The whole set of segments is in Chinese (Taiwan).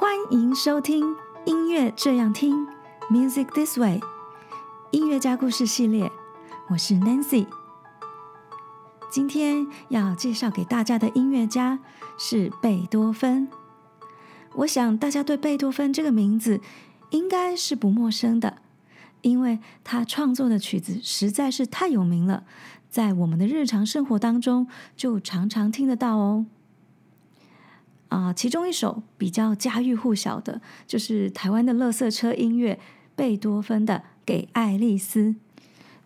歡迎收聽《音樂這樣聽》（Music This Way），音樂家故事系列。我是 Nancy。今天要介紹給大家的音樂家是貝多芬。我想大家對貝多芬這個名字應該是不陌生的，因為他創作的曲子實在是太有名了，在我們的日常生活當中就常常聽得到哦。啊，其中一首比較家喻戶曉的，就是台灣的垃圾車音樂——貝多芬的《給愛麗絲》。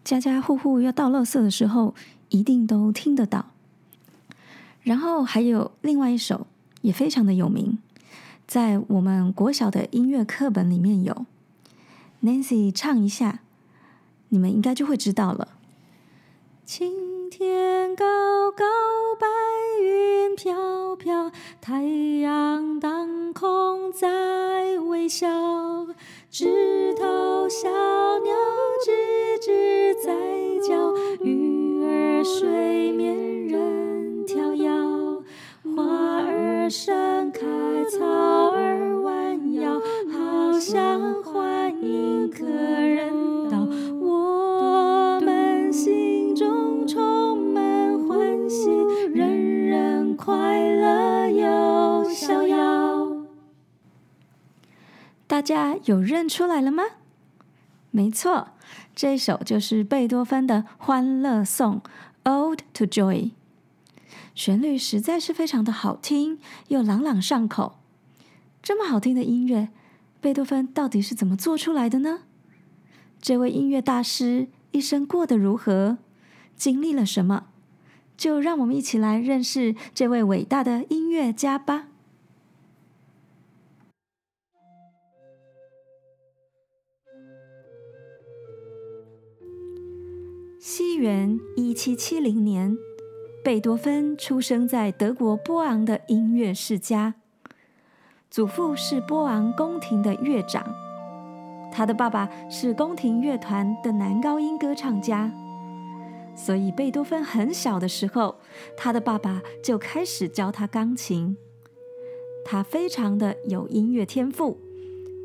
家家戶戶要倒垃圾的時候，一定都聽得到。然後還有另外一首也非常的有名，在我們國小的音樂課本裡面有。Nancy 唱一下，你們應該就會知道了。天高高，白雲飄飄，太陽當空在微笑。枝頭小鳥吱吱在叫，魚兒水面任跳搖，花兒盛開，草兒彎腰，好像歡迎客人，快樂又逍遙，大家有認出來了嗎？沒錯，這首就是貝多芬的《歡樂頌》《Ode to Joy》。旋律實在是非常的好聽，又朗朗上口。這麼好聽的音樂，貝多芬到底是怎麼做出來的呢？這位音樂大師一生過得如何？經歷了什麼？就讓我們一起來認識這位偉大的音樂家吧。西元一七七零年，貝多芬出生在德國波昂的音樂世家，祖父是波昂宮廷的樂長，他的爸爸是宮廷樂團的男高音歌唱家。所以，貝多芬很小的時候，他的爸爸就開始教他鋼琴。他非常的有音樂天賦，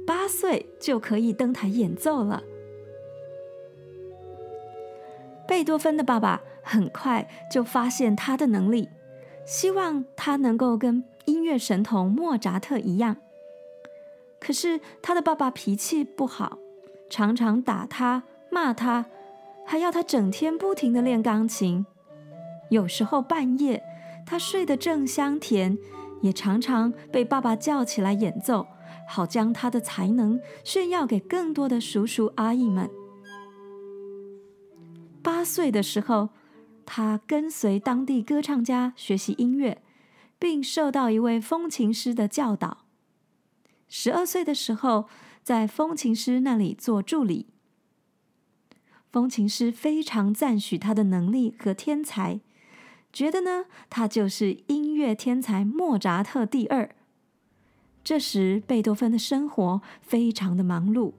八歲就可以登台演奏了。貝多芬的爸爸很快就發現他的能力，希望他能夠跟音樂神童莫扎特一樣。可是，他的爸爸脾氣不好，常常打他、罵他。還要他整天不停的練鋼琴，有時候半夜他睡得正香甜，也常常被爸爸叫起來演奏，好將他的才能炫耀給更多的叔叔阿姨們。八歲的時候，他跟隨當地歌唱家學習音樂，並受到一位風琴師的教導。十二歲的時候，在風琴師那裡做助理。風琴師非常贊許他的能力和天才，覺得呢，他就是音樂天才莫扎特第二。這時，貝多芬的生活非常的忙碌，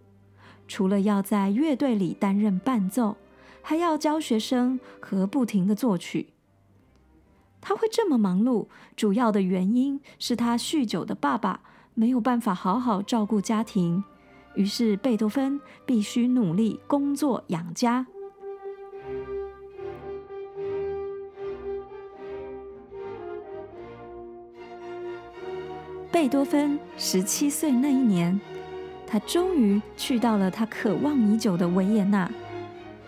除了要在樂隊裡擔任伴奏，還要教學生和不停的作曲。他會這麼忙碌，主要的原因是他酗酒的爸爸沒有辦法好好照顧家庭。於是，貝多芬必須努力工作養家。貝多芬十七歲那一年，他終於去到了他渴望已久的維也納，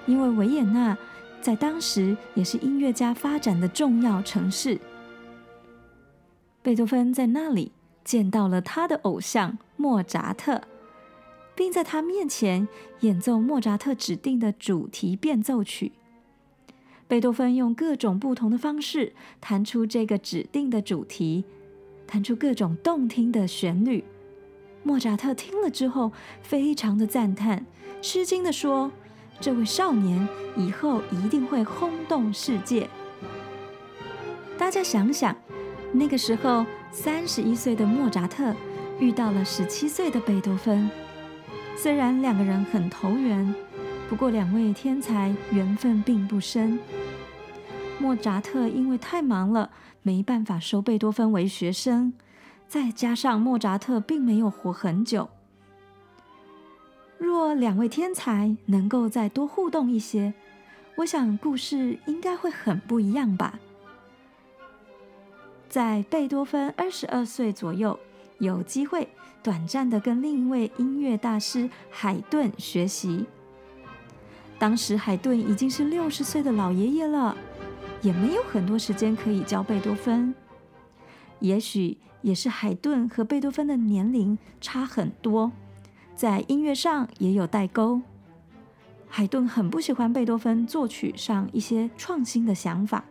因為維也納在當時也是音樂家發展的重要城市。貝多芬在那裡見到了他的偶像莫扎特。並在他面前演奏莫扎特指定的主題變奏曲。貝多芬用各種不同的方式彈出這個指定的主題，彈出各種動聽的旋律。莫扎特聽了之後，非常的讚嘆，吃驚的說：“這位少年以後一定會轟動世界。”大家想想，那個時候，三十一歲的莫扎特遇到了十七歲的貝多芬。雖然兩個人很投緣，不過兩位天才緣分並不深。莫扎特因為太忙了，沒辦法收貝多芬為學生，再加上莫扎特並沒有活很久。若兩位天才能夠再多互動一些，我想故事應該會很不一樣吧。在貝多芬二十二歲左右，有機會短暫的跟另一位音樂大師海頓學習。當時海頓已經是六十歲的老爺爺了，也沒有很多時間可以教貝多芬。也許也是海頓和貝多芬的年齡差很多，在音樂上也有代溝。海頓很不喜歡貝多芬作曲上一些創新的想法，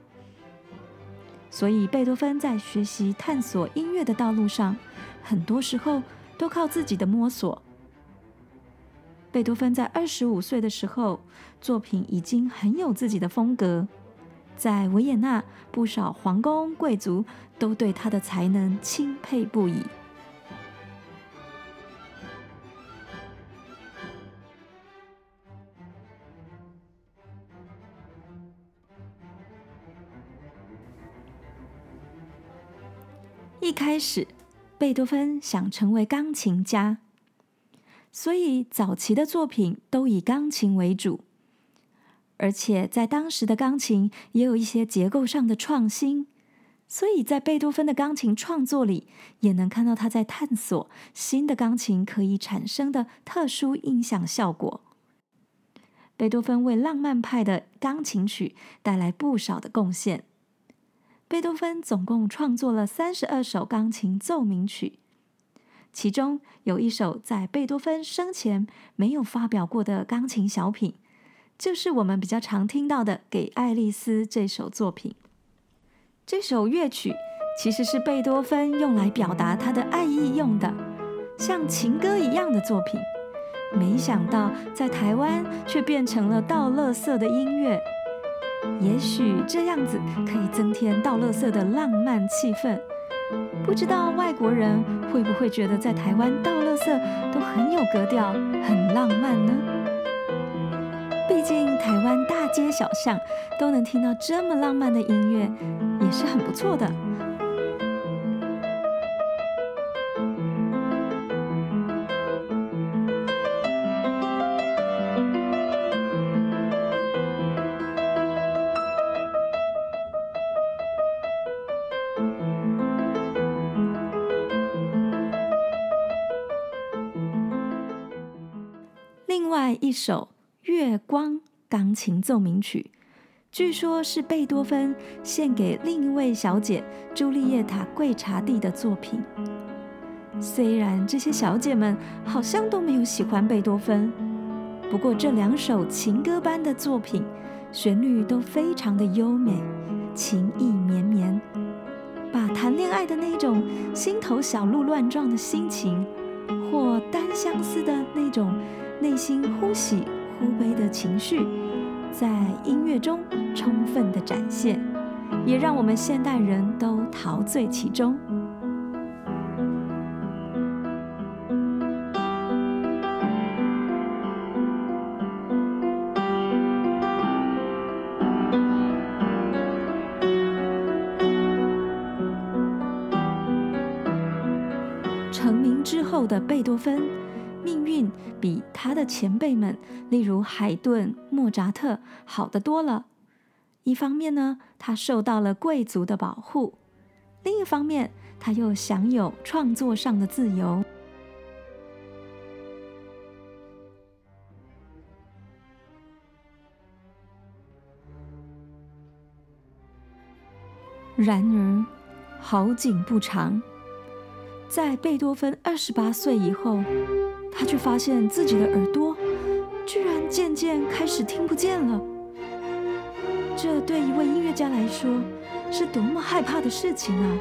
所以貝多芬在學習探索音樂的道路上。很多時候都靠自己的摸索。貝多芬在二十五歲的時候，作品已經很有自己的風格，在維也納，不少皇宮貴族都對他的才能欽佩不已。一開始，貝多芬想成為鋼琴家，所以早期的作品都以鋼琴為主，而且在當時的鋼琴也有一些結構上的創新，所以在貝多芬的鋼琴創作裡，也能看到他在探索新的鋼琴可以產生的特殊音響效果。貝多芬為浪漫派的鋼琴曲帶來不少的貢獻。貝多芬總共創作了三十二首鋼琴奏鳴曲，其中有一首在貝多芬生前沒有發表過的鋼琴小品，就是我們比較常聽到的《給愛麗絲》這首作品。這首樂曲其實是貝多芬用來表達他的愛意用的，像情歌一樣的作品。沒想到在台灣卻變成了倒垃圾的音樂。也許這樣子可以增添倒垃圾的浪漫氣氛。不知道外國人會不會覺得在台灣倒垃圾都很有格調、很浪漫呢？畢竟台灣大街小巷都能聽到這麼浪漫的音樂，也是很不錯的。一首《月光鋼琴奏鳴曲》，據說是貝多芬獻給另一位小姐朱麗葉塔·桂茶蒂的作品。雖然這些小姐們好像都沒有喜歡貝多芬，不過這兩首情歌般的作品，旋律都非常的優美，情意綿綿，把談戀愛的那種心頭小鹿亂撞的心情，或單相思的那種。內心忽喜忽悲的情緒，在音樂中充分的展現，也讓我們現代人都陶醉其中。成名之後的貝多芬。他的前輩們，例如海頓、莫扎特，好得多了。一方面呢，他受到了貴族的保護；另一方面，他又享有創作上的自由。然而，好景不長，在貝多芬二十八歲以後，他卻發現自己的耳朵，居然漸漸開始聽不見了。這對一位音樂家來說，是多麼害怕的事情啊！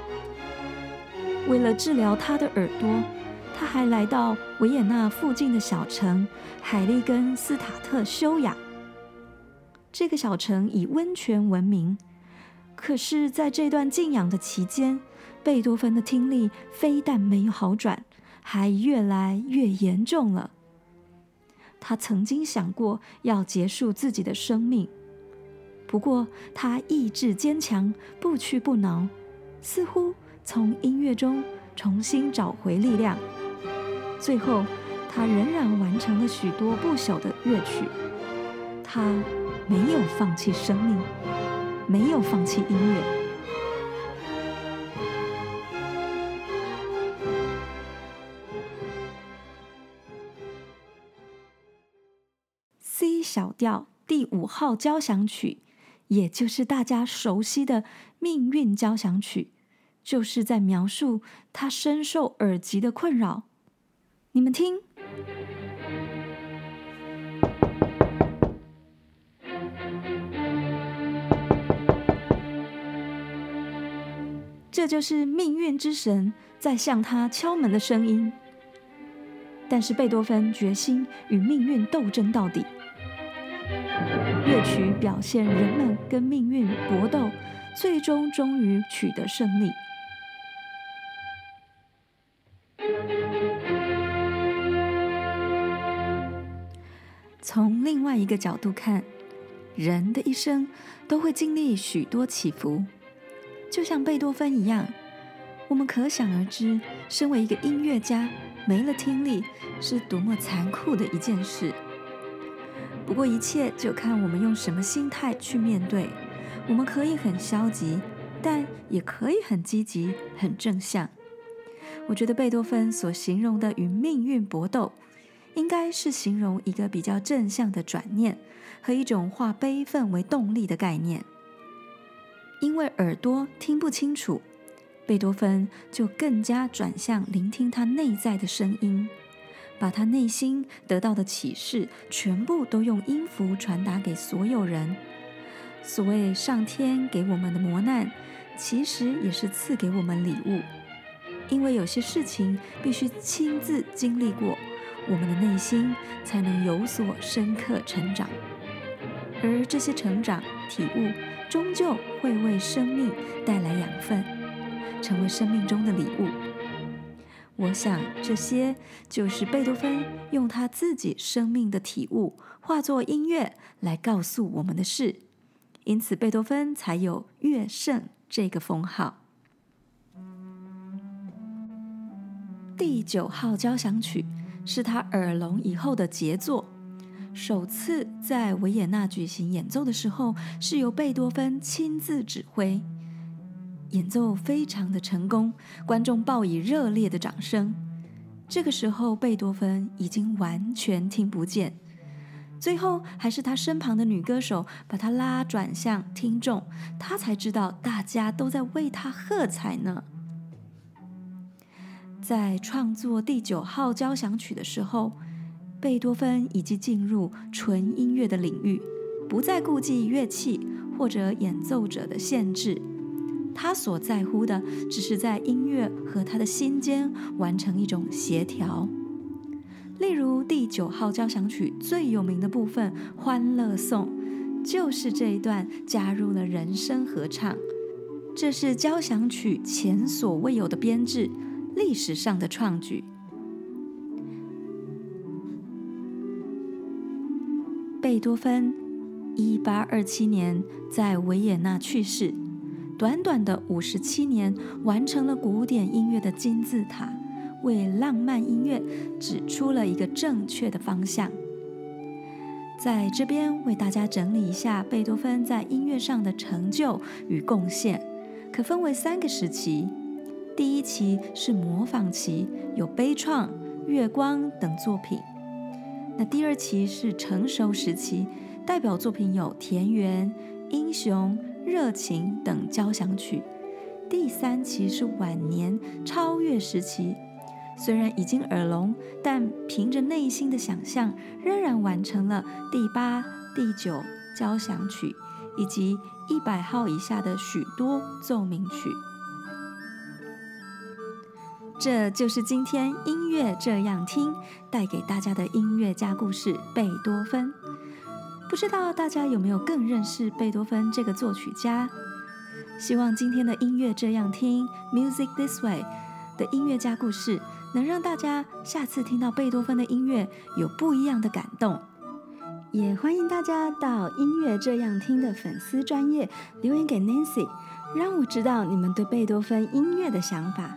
為了治療他的耳朵，他還來到維也納附近的小城海利根斯塔特休養。這個小城以溫泉聞名。可是，在這段靜養的期間，貝多芬的聽力非但沒有好轉。還越來越嚴重了。他曾經想過要結束自己的生命，不過他意志堅強，不屈不撓，似乎從音樂中重新找回力量。最後，他仍然完成了許多不朽的樂曲。他沒有放棄生命，沒有放棄音樂。C 小調第五號交響曲，也就是大家熟悉的《命運交響曲》，就是在描述他深受耳疾的困擾。你們聽，這就是命運之神在向他敲門的聲音。但是貝多芬決心與命運鬥爭到底。樂曲表現人們跟命運搏鬥，最終終於取得勝利。從另外一個角度看，人的一生都會經歷許多起伏，就像貝多芬一樣。我們可想而知，身為一個音樂家，沒了聽力是多麼殘酷的一件事。不過，一切就看我們用什麼心態去面對。我們可以很消極，但也可以很積極、很正向。我覺得貝多芬所形容的與命運搏鬥，應該是形容一個比較正向的轉念和一種化悲憤為動力的概念。因為耳朵聽不清楚，貝多芬就更加轉向聆聽他內在的聲音。把他內心得到的啟示，全部都用音符傳達給所有人。所謂上天給我們的磨難，其實也是賜給我們禮物。因為有些事情必須親自經歷過，我們的內心才能有所深刻成長。而這些成長體悟，終究會為生命帶來養分，成為生命中的禮物。我想，這些就是貝多芬用他自己生命的體悟化作音樂來告訴我們的事。因此，貝多芬才有“樂聖”這個封號。第九號交響曲是他耳聾以後的傑作，首次在維也納舉行演奏的時候，是由貝多芬親自指揮。演奏非常的成功，觀眾報以熱烈的掌聲。這個時候，貝多芬已經完全聽不見。最後，還是他身旁的女歌手把他拉轉向聽眾，他才知道大家都在為他喝彩呢。在創作第九號交響曲的時候，貝多芬已經進入純音樂的領域，不再顧及樂器或者演奏者的限制。他所在乎的，只是在音樂和他的心間完成一種協調。例如第九號交響曲最有名的部分《歡樂頌》，就是這一段加入了人聲合唱，這是交響曲前所未有的編制，歷史上的創舉。貝多芬一八二七年在維也納去世。短短的五十七年，完成了古典音樂的金字塔，為浪漫音樂指出了一個正確的方向。在這邊為大家整理一下貝多芬在音樂上的成就與貢獻，可分為三個時期。第一期是模仿期，有《悲愴》、《月光》等作品。那第二期是成熟時期，代表作品有《田園》、《英雄》、熱情等交響曲，第三期是晚年超越時期。雖然已經耳聾，但憑着內心的想象，仍然完成了第八、第九交響曲以及一百號以下的許多奏鳴曲。這就是今天《音樂這樣聽》帶給大家的音樂家故事——貝多芬。不知道大家有沒有更認識貝多芬這個作曲家？希望今天的音樂這樣聽 Music This Way 的音樂家故事，能讓大家下次聽到貝多芬的音樂有不一樣的感動。也歡迎大家到音樂這樣聽的粉絲專頁留言給 Nancy，讓我知道你們對貝多芬音樂的想法，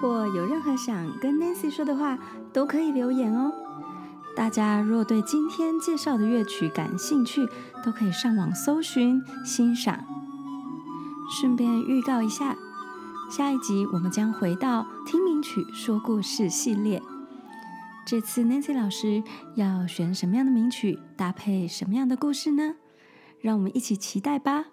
或有任何想跟 Nancy 說的話，都可以留言哦。大家若對今天介紹的樂曲感興趣，都可以上網搜尋欣賞。順便預告一下，下一集我們將回到《聽名曲說故事》系列，這次 Nancy 老師要選什麼樣的名曲，搭配什麼樣的故事呢？讓我們一起期待吧。